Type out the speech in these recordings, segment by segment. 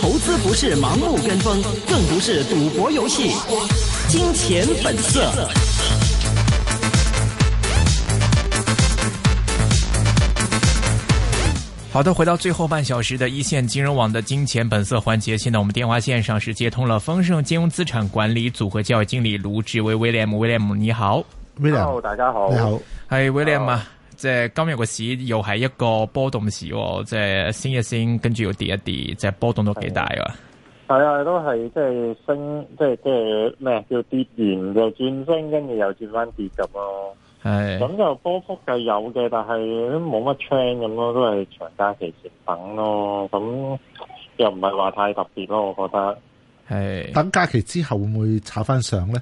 投資不是盲目跟風，更不是賭博遊戲。金錢本色。好的，回到最後半小時的一線金融網的金錢本色環節。現在我們電話線上是接通了豐盛金融資產管理組合教育經理盧志威 William William，你好。William，Hello，大家好。你好，係 William, Hi, William. 即係今日嘅市又係一個波動市，即係升一升，跟住要跌一跌，即係波動都幾大噶。係啊，都係即係升，即係即係咩啊？叫跌完又轉升，跟住又轉翻跌咁咯。係的。咁就波幅就有嘅，但係都冇乜 trend 咁咯，都係長假期前等咯。咁又唔係話太特別咯，我覺得。係的。等假期之後會唔會炒翻上咧？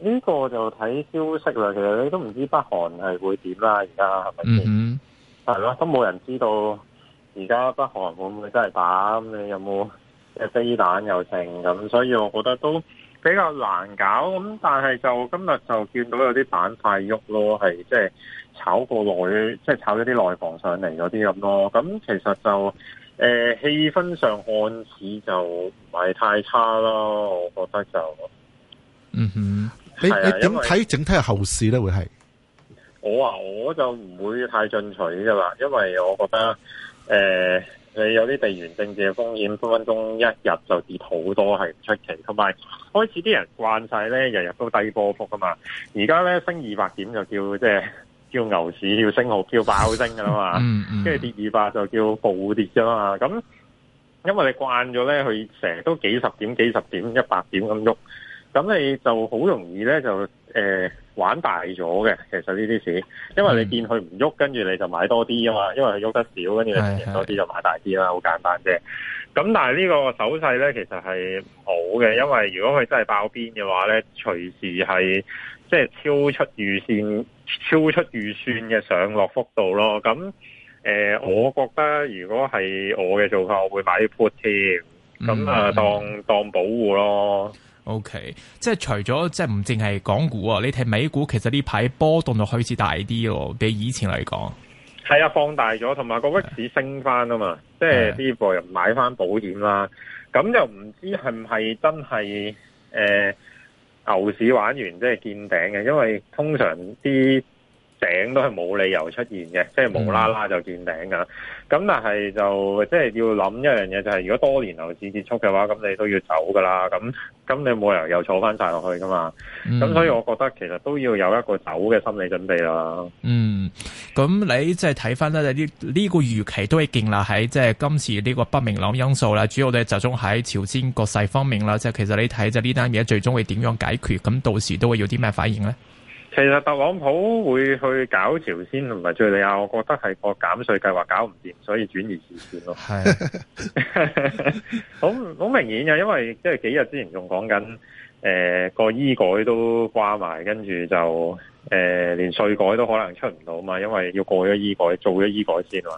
呢個就睇消息啦，其實你都唔知北韓係會點啦，而家係咪先嗯，係咯、mm hmm.，都冇人知道。而家北韓會唔會真係打？你有冇有飛彈又剩咁？所以我覺得都比較難搞。咁但係就今日就見到有啲板塊喐咯，係即係炒個耐，即係炒咗啲內房上嚟嗰啲咁咯。咁其實就誒、呃、氣氛上看似就唔係太差啦，我覺得就嗯哼。Mm hmm. 你你點睇整體嘅後市咧？會係我啊，我，我就唔會太進取噶啦，因為我覺得誒、呃，你有啲地緣政治嘅風險，分分鐘一日就跌好多係唔出奇。同埋開始啲人慣晒咧，日日都低波幅啊嘛，而家咧升二百點就叫即係叫牛市，叫升號，叫爆升噶啦嘛。跟住、嗯嗯、跌二百就叫暴跌噶嘛。咁因為你慣咗咧，佢成日都幾十點、幾十點、一百點咁喐。咁你就好容易咧，就誒、呃、玩大咗嘅。其實呢啲事，因為你見佢唔喐，mm. 跟住你就買多啲啊嘛。因為佢喐得少，跟住錢多啲就買大啲啦，好、mm. 簡單啫。咁但係呢個手勢咧，其實係唔好嘅，因為如果佢真係爆邊嘅話咧，隨時係即係超出預算、超出預算嘅上落幅度咯。咁誒、呃，我覺得如果係我嘅做法，我會買啲 put 添，咁啊、mm hmm. 當當保護咯。O、okay. K，即係除咗即係唔淨係港股啊，你睇美股其實呢排波動就開始大啲咯，比以前嚟講係啊，放大咗，同埋個市升翻啊嘛，的即係呢波又買翻保險啦，咁又唔知係唔係真係誒、呃、牛市玩完即係見頂嘅，因為通常啲。頂都係冇理由出現嘅，即係無啦啦就見頂啊！咁、嗯、但係就即係要諗一樣嘢，就係、是、如果多年牛市結束嘅話，咁你都要走噶啦。咁咁你冇理由又坐翻晒落去噶嘛？咁所以我覺得其實都要有一個走嘅心理準備啦。嗯，咁你即係睇翻咧，呢、這、呢個預期都係建立喺即係今次呢個不明朗因素啦。主要我哋集中喺朝鮮局勢方面啦，即係其實你睇就呢單嘢最終會點樣解決？咁到時都會有啲咩反應咧？其實特朗普會去搞朝鮮同埋敘利亞，我覺得係個減稅計劃搞唔掂，所以轉移視線咯。係， 好好明顯嘅，因為即係幾日之前仲講緊誒個醫改都掛埋，跟住就誒、呃、連稅改都可能出唔到嘛，因為要過咗醫改做咗醫改先嘛。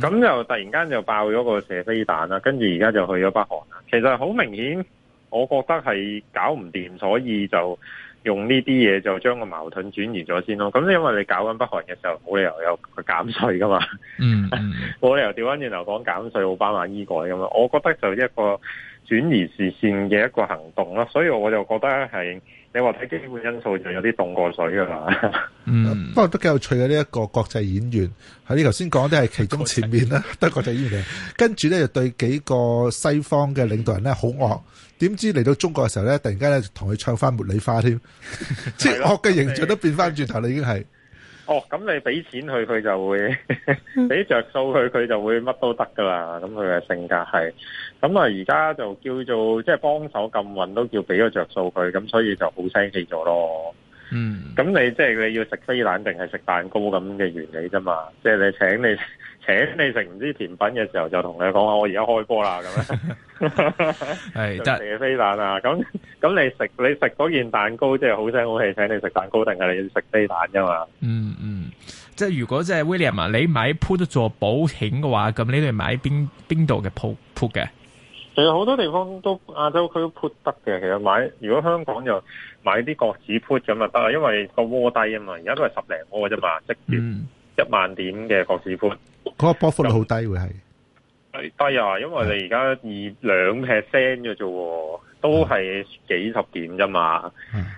咁、mm hmm. 就突然間就爆咗個射飛彈啦，跟住而家就去咗北韓啦。其實好明顯，我覺得係搞唔掂，所以就。用呢啲嘢就將個矛盾轉移咗先咯。咁因為你搞緊北韓嘅時候，冇理由有減稅噶嘛。嗯、mm，hmm，冇理由調翻轉頭講減稅。奧巴馬醫改噶嘛，我覺得就一個轉移視線嘅一個行動咯。所以我就覺得係。你話睇基本因素就有啲凍過水㗎嘛，不過都幾有趣嘅呢一個國際演員，喺你頭先講啲係其中前面啦，際都係國際演員，跟住咧就對幾個西方嘅領導人咧好惡，點知嚟到中國嘅時候咧，突然間咧同佢唱翻茉莉花添，即的 惡嘅形象都變翻轉頭啦，已經係。哦，咁你俾錢佢，佢就會俾着數佢，佢 就會乜都得噶啦。咁佢嘅性格係，咁啊而家就叫做即係幫手禁運都叫俾個着數佢，咁所以就好聲氣咗咯。嗯，咁你即係、就是、你要食飛蛋定係食蛋糕咁嘅原理啫嘛？即、就、係、是、你請你請你食唔知甜品嘅時候，就同你講話我而家開波啦咁樣，係得飛彈啊咁。嗯咁你食你食嗰件蛋糕，即係好聲好氣，請你食蛋糕，定係你食雞蛋啫嘛？嗯嗯，即係如果即係 William 啊，你買 put 做保險嘅話，咁你哋買邊邊度嘅鋪鋪嘅？其實好多地方都亞洲區都 put 得嘅。其實買如果香港就買啲國指 put 咁啊得，因為個窩低啊嘛，而家都係十零窩嘅啫嘛，即係一萬點嘅國指 put，嗰、嗯、 個波幅好低會係係低啊，嗯、因為你而家二兩 percent 嘅啫。都係幾十點啫嘛，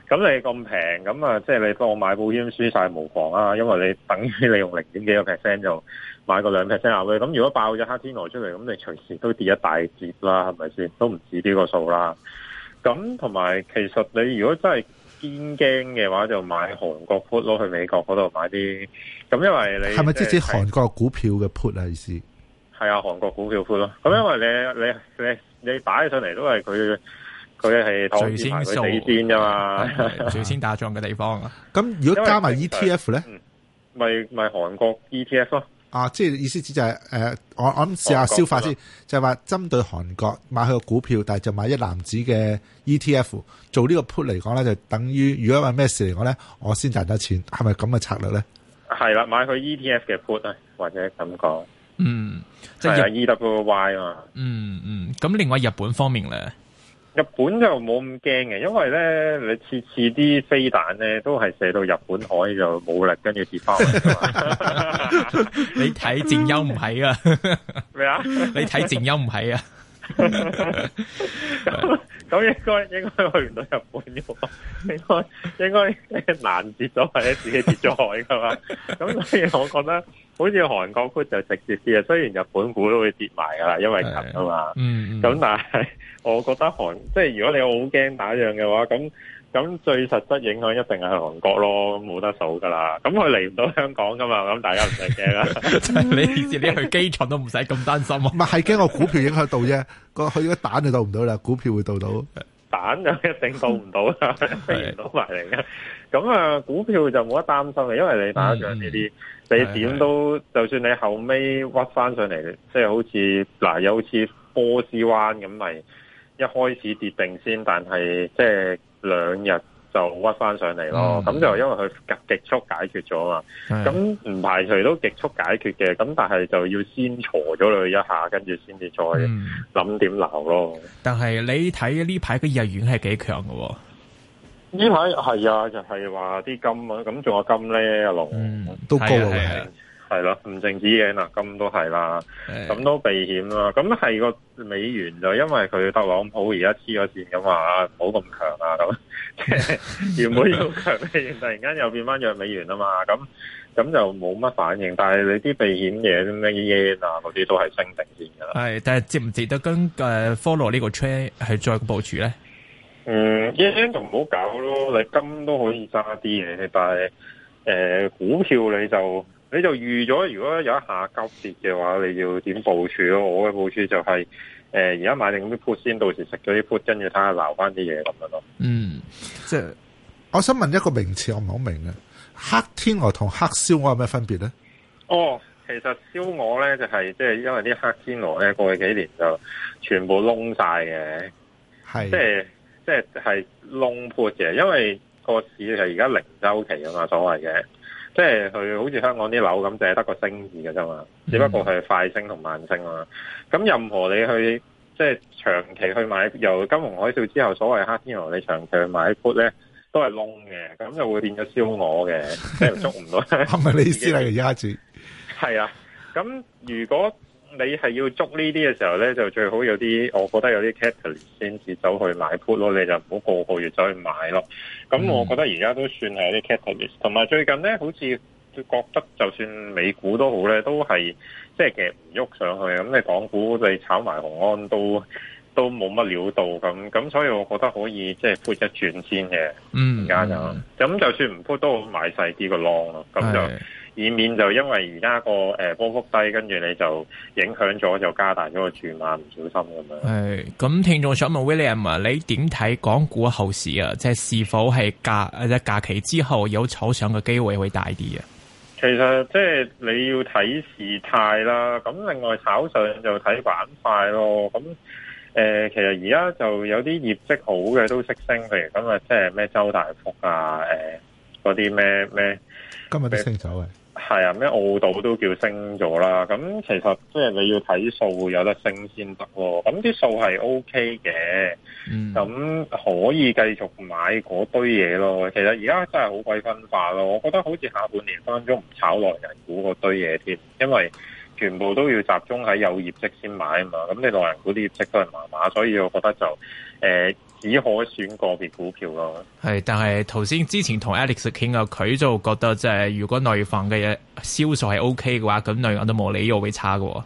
咁、嗯、你咁平，咁啊，即係你幫我買保險輸晒無妨啦，因為你等於你用零點幾個 percent 就買個兩 percent 入去，咁、啊、如果爆咗黑天鵝出嚟，咁你隨時都跌一大截啦，係咪先？都唔止呢個數啦。咁同埋其實你如果真係堅驚嘅話，就買韓國 put 咯，去美國嗰度買啲。咁因為你係咪即係指韓國股票嘅 put 啊？意思係啊，韓國股票 put 咯。咁因為你你你你擺上嚟都係佢。佢係最先先噶嘛，最先打仗嘅地方。咁 如果加埋 E T F 咧，咪咪韓國 E T F 咯？啊，即係意思只就係、是、誒、呃，我我諗試下消化先，就係話針對韓國買佢個股票，但係就買一籃子嘅 E T F 做呢個 put 嚟講咧，就等於如果係咩事嚟講咧，我先賺得錢，係咪咁嘅策略咧？係啦、嗯，買佢 E T F 嘅 put 啊，或者咁講。嗯，即係日 E w 嗰個 Y 啊嘛。嗯嗯，咁另外日本方面咧？日本就冇咁驚嘅，因為咧你次次啲飛彈咧都係射到日本海就冇力，跟住跌翻嚟。 你睇靜悠唔係啊？咩啊？你睇靜悠唔係啊？咁應該應該去唔到日本嘅喎，應該應該難跌咗，或者自己跌咗海噶嘛。咁 所以我覺得，好似韓國股就直接啲啊，雖然日本股都會跌埋噶啦，因為近啊嘛。嗯咁、嗯、但係，我覺得韓即係如果你好驚打仗嘅話，咁。咁最實質影響一定係韓國咯，冇得數噶啦。咁佢嚟唔到香港噶嘛，咁大家唔使驚啦。你連你去基礎都唔使咁擔心，唔係係驚個股票影響到啫。個佢個蛋就到唔到啦，股票會到到蛋就一定到唔到，到埋嚟嘅。咁啊，股票就冇得擔心嘅，因為你打上呢啲，你點都就算你後尾屈翻上嚟，即係好似嗱，有好似波斯灣咁咪，一開始跌定先，但係即係。兩日就屈翻上嚟咯，咁、哦、就因為佢急極速解決咗嘛，咁唔、啊、排除都極速解決嘅，咁但係就要先鋤咗佢一下，跟住先至再諗點鬧咯。但係你睇呢排嘅日圓係幾強喎？呢排係啊，就係話啲金、金、嗯、啊，咁仲有金咧，龍都高嘅。係啦，唔淨止日圓嗱，金都係啦，咁都避險啦，咁係個美元就因為佢特朗普而家黐咗線，㗎嘛唔好咁強啊，咁 原本要強，突然間又變翻弱美元啦嘛，咁咁就冇乜反應，但係你啲避險嘢，咩日圓啊嗰啲都係升定先噶啦。係，但係值唔值得跟誒、uh, follow 呢個 train 係再部署咧？嗯，日圓就唔好搞咯，你金都可以揸啲嘅，但係誒、呃、股票你就。你就預咗，如果有一下急跌嘅話，你要點部署咯？我嘅部署就係、是、誒，而、呃、家買定啲 put 先，到時食咗啲 put，跟住睇下留翻啲嘢咁樣咯。嗯，即、就、係、是、我想問一個名詞，我唔係好明啊，黑天鵝同黑燒鵝有咩分別咧？哦，其實燒鵝咧就係即係因為啲黑天鵝咧過去幾年就全部窿曬嘅，即係即係係窿 put 嘅，因為個市係而家零周期啊嘛，所謂嘅。即係佢好似香港啲樓咁，就係得個升字嘅啫嘛，只不過係快升同慢升啊。咁任何你去即係長期去買，由金融海嘯之後所謂黑天鵝，你長期去買 put 咧，都係窿嘅，咁就會變咗燒鵝嘅， 即係捉唔到。係咪 你先係厄住？係啊，咁如果。你係要捉呢啲嘅時候咧，就最好有啲，我覺得有啲 catalyst 先至走去買 put 咯，你就唔好個個月走去買咯。咁我覺得而家都算係啲 catalyst，同埋、嗯、最近咧，好似覺得就算美股都好咧，都係即係其實唔喐上去。咁你港股你炒埋紅安都，都都冇乜料到咁。咁所以我覺得可以即係、就是、put 一轉先嘅。嗯，而家就咁的就算唔 put 都好買細啲個 long 咯，咁就。以免就因為而家個波幅低，跟住你就影響咗，就加大咗個注碼，唔小心咁樣。係咁，聽眾想問 William 啊，你點睇港股後市啊？即、就、係、是、是否係假即假期之後有炒上嘅機會會大啲啊？其實即係你要睇時態啦。咁另外炒上就睇板塊咯。咁、呃、其實而家就有啲業績好嘅都識升，譬如今日即係咩周大福啊，嗰啲咩咩，今日都升走嘅、啊。呃係啊，咩澳島都叫升咗啦。咁其實即係你要睇數有得升先得咯。咁啲數係 OK 嘅，咁可以繼續買嗰堆嘢咯。其實而家真係好鬼分化咯。我覺得好似下半年分咗唔炒內人股嗰堆嘢添，因為全部都要集中喺有業績先買啊嘛。咁你內人股啲業績都係麻麻，所以我覺得就誒。欸只可選個別股票咯，係，但係頭先之前同 Alex 傾啊，佢就覺得即係如果內房嘅嘢銷售係 OK 嘅話，咁內銀都冇理由會差㗎。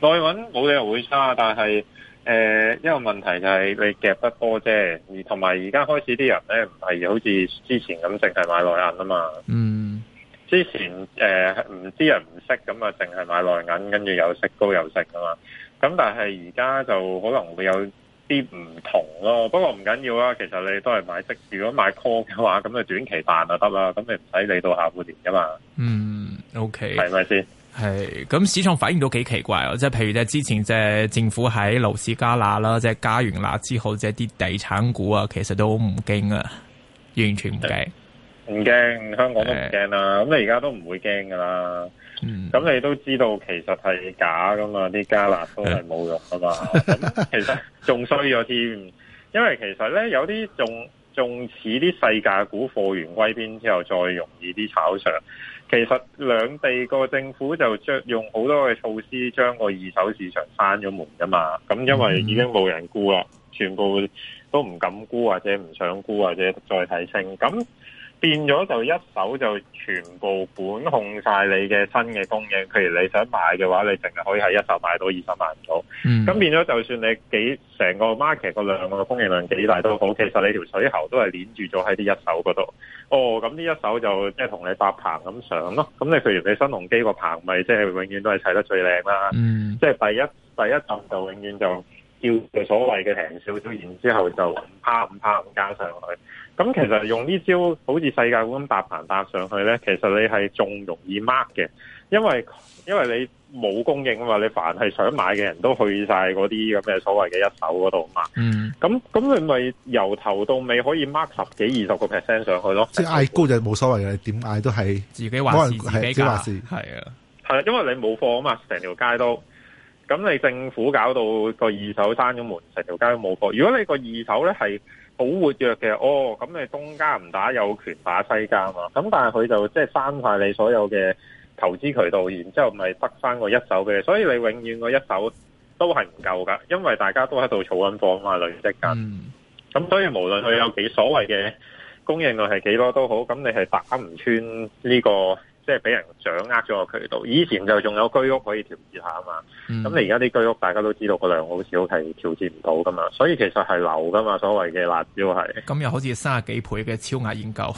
內銀冇理由會差，但係誒、呃，一個問題就係你夾得多啫，而同埋而家開始啲人咧唔係好似之前咁淨係買內銀啊嘛。嗯，之前誒唔、呃、知人唔識咁啊，淨係買內銀，跟住又息高又息㗎嘛。咁但係而家就可能會有。啲唔同咯，不過唔緊要啦。其實你都係買即，如果買 call 嘅話，咁你短期賺就得啦。咁你唔使理到下半年噶嘛。嗯，OK，係咪先？係，咁市場反應都幾奇怪啊！即係譬如，即係之前即係政府喺樓市加辣啦，即係加完辣之後，即係啲地產股啊，其實都唔驚啊，完全唔驚，唔驚，香港都唔驚啦。咁你而家都唔會驚噶啦。咁、嗯、你都知道，其實係假噶嘛，啲加辣都係冇用噶嘛。 其實仲衰咗添，因為其實咧有啲仲仲似啲細價股貨源歸邊之後，再容易啲炒上。其實兩地個政府就用好多嘅措施，將個二手市場閂咗門噶嘛。咁因為已經冇人沽啦，全部都唔敢沽或者唔想沽或者再睇清咁。變咗就一手就全部管控晒你嘅新嘅供應，譬如你想買嘅話，你淨係可以喺一手買到，二手買唔到。咁、嗯、變咗就算你幾成個 market 個量個供應量幾大都好，其實你條水喉都係捻住咗喺啲一手嗰度。哦，咁呢一手就即係同你搭棚咁上咯。咁你譬如你新鴻基個棚咪即係永遠都係砌得最靚啦、啊。即係、嗯、第一第一浸就永遠就。叫佢所謂嘅平少少，然之後就五趴五趴五加上去。咁其實用呢招好似世界咁搭棚搭上去咧，其實你係仲容易 mark 嘅，因為因為你冇供應啊嘛。你凡係想買嘅人都去晒嗰啲咁嘅所謂嘅一手嗰度啊嘛。嗯。咁咁，你咪由頭到尾可以 mark 十幾二十個 percent 上去咯。即係嗌高就冇所謂嘅，你點嗌都係自己話自己話事，係啊。係啊，因為你冇貨啊嘛，成條街都。咁你政府搞到個二手閂咗門，成條街都冇貨。如果你個二手咧係好活躍嘅，哦，咁你東家唔打，有權打西家嘛。咁但係佢就即係刪晒你所有嘅投資渠道，然之後咪得翻個一手嘅。所以你永遠個一手都係唔夠㗎，因為大家都喺度儲緊貨嘛，累積緊。咁所以無論佢有幾所謂嘅供應量係幾多都好，咁你係打唔穿呢、這個。即係俾人掌握咗個渠道，以前就仲有居屋可以調節一下啊嘛。咁、嗯、你而家啲居屋，大家都知道個量好少，係調節唔到噶嘛。所以其實係流噶嘛，所謂嘅辣招係。咁又好似三十幾倍嘅超額認購。誒、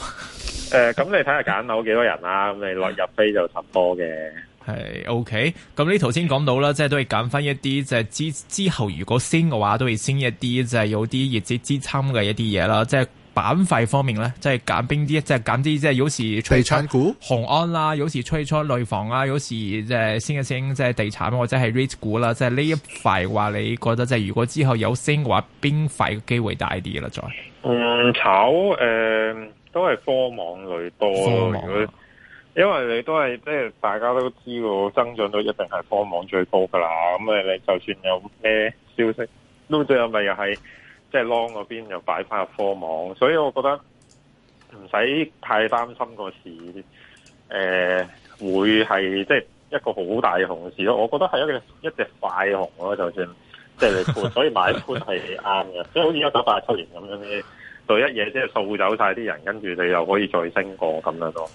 呃，咁你睇下揀樓幾多人啦、啊，咁 你落入飛就十多嘅。係 OK，咁你頭先講到啦，即係都係減翻一啲，即係之之後如果升嘅話，都會升一啲，就係、是、有啲熱錢支撐嘅一啲嘢啦，即係。減費方面咧，即係減邊啲？即係減啲？即、就、係、是就是、有時地產股、雄安啦、啊，有時吹出內房啊，有時即係升一升，即係地產、啊、或者係 r a c h 股啦、啊。即係呢一塊話，你覺得即係如果之後有升嘅話，邊塊嘅機會大啲啦？再嗯，炒誒、呃，都係科網類多咯。科網啊、因為你都係即係大家都知嘅，增長率一定係科網最高噶啦。咁你就算有咩消息，都最有咪又係。即係 long 嗰邊又擺翻入科網，所以我覺得唔使太擔心個市，誒、呃、會係即係一個好大嘅熊市咯。我覺得係一個一隻快熊咯，就算即係你盤，所以買一盤係啱嘅， 即係好似一九八七年咁樣，就一嘢即係掃走晒啲人，跟住你又可以再升過咁樣咯。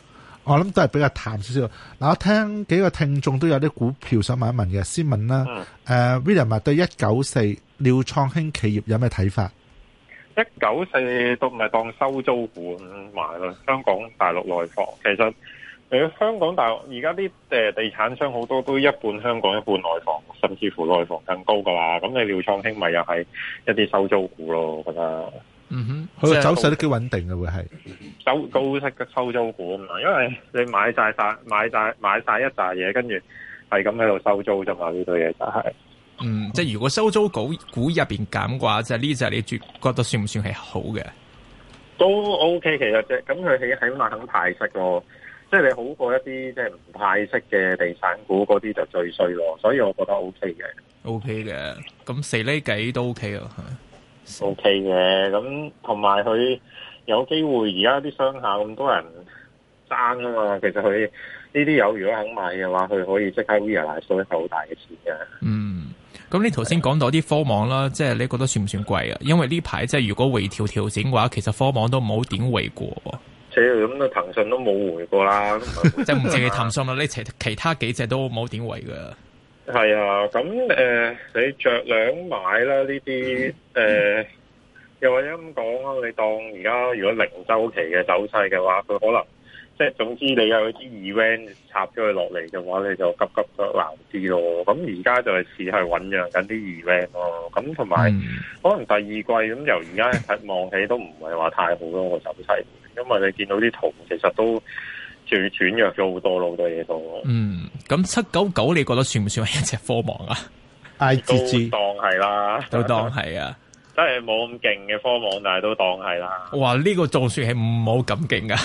我諗都係比較淡少少。嗱，我聽幾個聽眾都有啲股票想問一問嘅，先問啦。誒、嗯 uh,，William 對一九四廖創興企業，有咩睇法？一九四都唔係當收租股買咯。香港大陸內房，其實誒香港大陸而家啲地產商，好多都一半香港一半內房，甚至乎內房更高噶啦。咁你廖創興咪又係一啲收租股咯，我覺得。嗯哼，佢個是走勢都幾穩定嘅，會係走高息嘅收租股嘛？因為你買晒晒買晒買晒一紮嘢，跟住係咁喺度收租啫嘛？呢堆嘢就係、是、嗯，即係如果收租股股入邊減嘅話，即係呢就你覺覺得算唔算係好嘅？都 OK 其實啫，咁佢起起碼肯派息咯，即係你好過一啲即係唔派息嘅地產股嗰啲就最衰咯。所以我覺得 OK 嘅，OK 嘅，咁四厘幾都 OK 咯。O K 嘅，咁同埋佢有機會，而家啲商客咁多人爭啊嘛，其實佢呢啲友如果肯買嘅話，佢可以即刻 realise 一好大嘅錢嘅，啊。嗯，咁你頭先講到啲科網啦，的即係你覺得算唔算貴啊？因為呢排即係如果回調調整嘅話，其實科網都冇點回過。即係咁，個騰訊都冇回過啦， 即係唔止係騰訊啦，的你其其他幾隻都冇點回㗎。係啊，咁誒、呃，你着兩買啦呢啲誒，又或者咁講啊，你當而家如果零周期嘅走勢嘅話，佢可能即係總之你有啲 event 插咗佢落嚟嘅話，你就急急得難啲咯。咁而家就係試係醞釀緊啲 event 咯。咁同埋可能第二季咁，由而家睇望起都唔係話太好咯、個走勢，因為你見到啲圖其實都。最要轉弱咗好多咯，好多嘢都。嗯，咁七九九你覺得算唔算係一隻科網啊？都當係啦，都當係啊，真係冇咁勁嘅科網，但係都當係啦。哇，呢、這個仲算係唔好咁勁噶？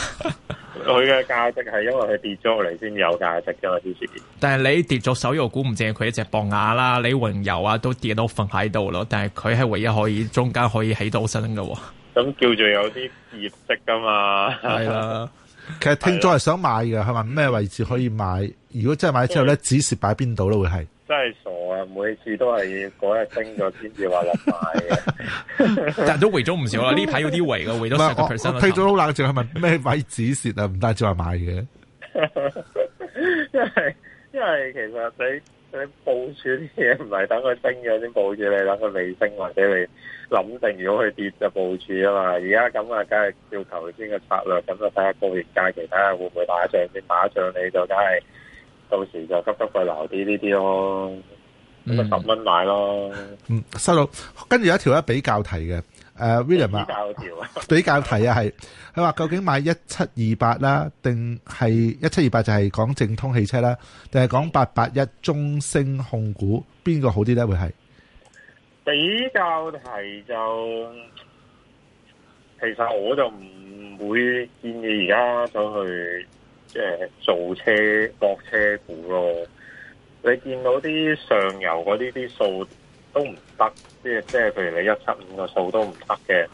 佢嘅價值係因為佢跌咗落嚟先有價值噶嘛，只、啊、是。但係你跌咗手又估唔正，佢一隻博雅啦，你雲遊啊都跌到瞓喺度咯。但係佢係唯一可以中間可以起到身噶、啊。咁叫做有啲業績噶嘛？係 啦、啊。其實聽咗係想買嘅，係咪咩位置可以買？如果真係買之後咧，止蝕擺邊度咧會係？真係傻啊！每次都係嗰日升咗先至話入買， 但都圍咗唔少啦。呢排有啲圍嘅，維咗成個 percent 推咗好冷靜，仲係咪咩買止蝕啊？唔得就話買嘅。真係。其實你你部署啲嘢，唔係等佢升咗先部署，你等佢未升或者你諗定如果佢跌就部署啊嘛。而家咁啊，梗係照頭先嘅策略，咁就睇下高見假期睇下會唔會打仗。先打仗你就梗係到時就急急佢留啲呢啲咯。咁咪十蚊買咯。嗯，收佬，跟住、嗯、有一條一比較題嘅。誒、uh，William 啊，比，比， 比較題啊，係佢話究竟買一七二八啦，定係一七二八就係講正通汽車啦，定係講八八一中升控股，邊個好啲咧？會係比較題就，其實我就唔會建議而家走去即係、就是、做車博車股咯。你見到啲上游嗰呢啲數？都唔得，即係即係，譬如你一七五個數都唔得嘅，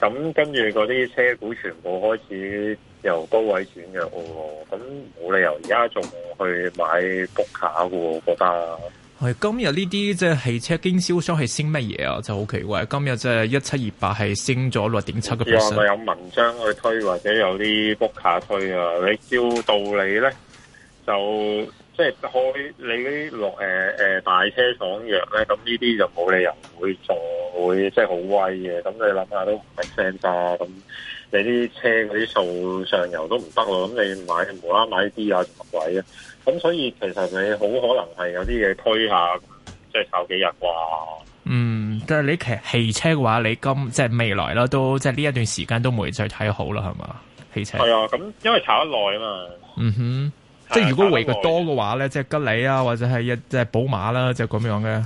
咁跟住嗰啲車股全部開始由高位轉弱，咁冇理由而家仲去買 book 卡嘅，我覺得。係今日呢啲即係汽車經銷商係升乜嘢啊？就好奇怪，今日即係一七二八係升咗六點七個 percent。又咪有文章去推，或者有啲 book 卡推啊？你照道理咧就。即係開你嗰啲落誒誒大車爽約咧，咁呢啲就冇理由會坐，會即係好威嘅。咁你諗下都唔係，聲炸咁你啲車嗰啲數上游都唔得咯。咁你買冇啦，無無買啲啊做乜鬼啊？咁所以其實你好可能係有啲嘢推下，即係炒幾日啩？嗯，但係你汽車嘅話，你今即係、就是、未來咧都即係呢一段時間都冇再睇好啦，係嘛？汽車係啊，咁因為炒得耐啊嘛。嗯哼。即係如果 w e 多嘅話咧，即係吉利啊，或者係一即係寶馬啦、啊，就咁樣嘅。誒、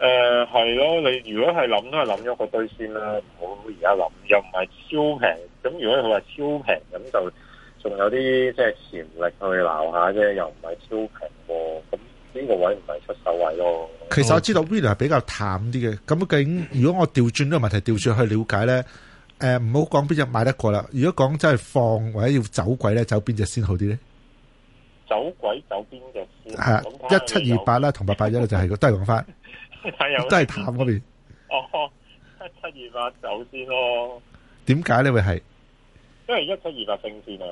呃，係咯，你如果係諗都係諗咗個堆先啦，唔好而家諗，又唔係超平。咁如果佢話超平，咁就仲有啲即係潛力去撈下啫，又唔係超平喎。咁呢個位唔係出手位咯。其實我知道 William 係比較淡啲嘅。咁究竟、嗯、如果我調轉呢個問題，調轉去了解咧，誒、呃，唔好講邊隻買得過啦。如果講真係放或者要走鬼咧，走邊隻先好啲咧？走鬼走邊嘅先？係啊，一七二八啦，同八八一咧、就是，就係 都係講翻， 都係淡嗰邊。哦，一七二八先走先咯。點解呢？會係？因為一七二八升先啊。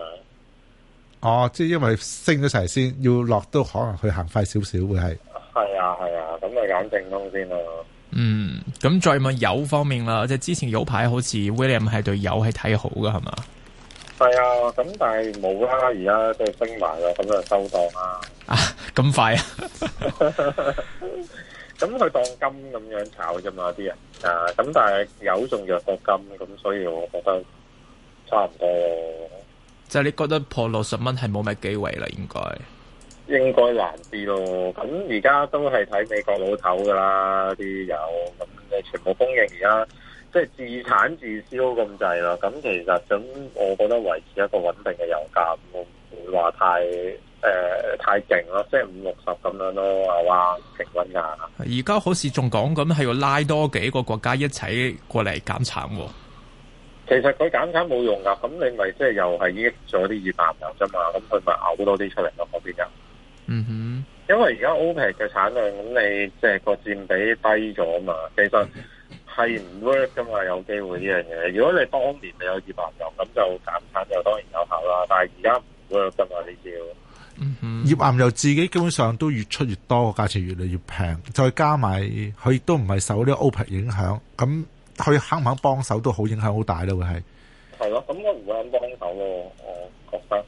哦，即係因為升咗陣先，要落都可能去行快少少會係。係啊係啊，咁咪揀正東先咯。嗯，咁再問油方面啦，即、就、係、是、之前有排好似 William 係對油係睇好噶，係嘛？係啊，咁但係冇啦，而家即係升埋咯，咁就收檔啦、啊。 啊，咁快啊！咁佢當金咁樣炒啫嘛，啲人啊，咁但係油仲弱過金，咁所以我覺得差唔多。就你覺得破六十蚊係冇咩機會啦，應該應該難啲咯。咁而家都係睇美國老頭噶啦，啲油咁，你全部封印而家。即係自產自銷咁滯咯，咁其實想我覺得維持一個穩定嘅油價，我唔會話太誒太勁咯，即係五六十咁樣咯，係嘛，平均價。而家好似仲講緊，係要多拉多幾個國家一齊過嚟減產。其實佢減產冇用噶咁你咪即係又係益咗啲二八油啫嘛，咁佢咪嘔多啲出嚟咯嗰邊又。邊，嗯哼，因為而家 OPEC 嘅產量，咁你即係個佔比低咗嘛，其實。嗯係唔 work 噶嘛？有機會呢樣嘢。如果你當年你有頁岩油，咁就減產就當然有效啦。但係而家唔 work 噶嘛？你要頁岩油自己基本上都越出越多，價錢越嚟越平。再加埋佢亦都唔係受呢啲 OPEC 影響。咁佢肯唔肯幫手都好，影響好大咯。啊、會係，係咯。咁我唔會肯幫手咯，我覺得。誒、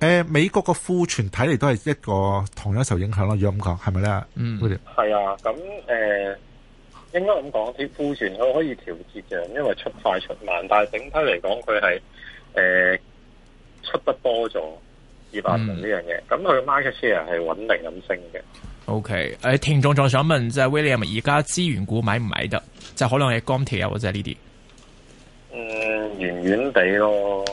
呃，美國個庫存睇嚟都係一個同樣受影響咯。如果咁講係咪咧？是是呢，嗯。係啊。咁誒。呃應該咁講，啲庫存佢可以調節嘅，因為出快出慢，但係整體嚟講，佢係誒出得多咗二百零呢樣嘢。咁佢 market share 係穩定咁升嘅。OK，誒，聽眾仲想問，就係、是、William 而家資源股買唔買得？就可能係鋼鐵啊，或者係呢啲。嗯，遠遠地咯，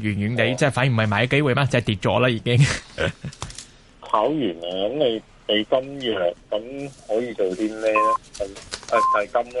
遠遠地，即係反而唔係買機會咩？即係跌咗啦，已經 考完呀、啊，咁你。你今弱，咁可以做啲咩咧？係係係金咯、啊。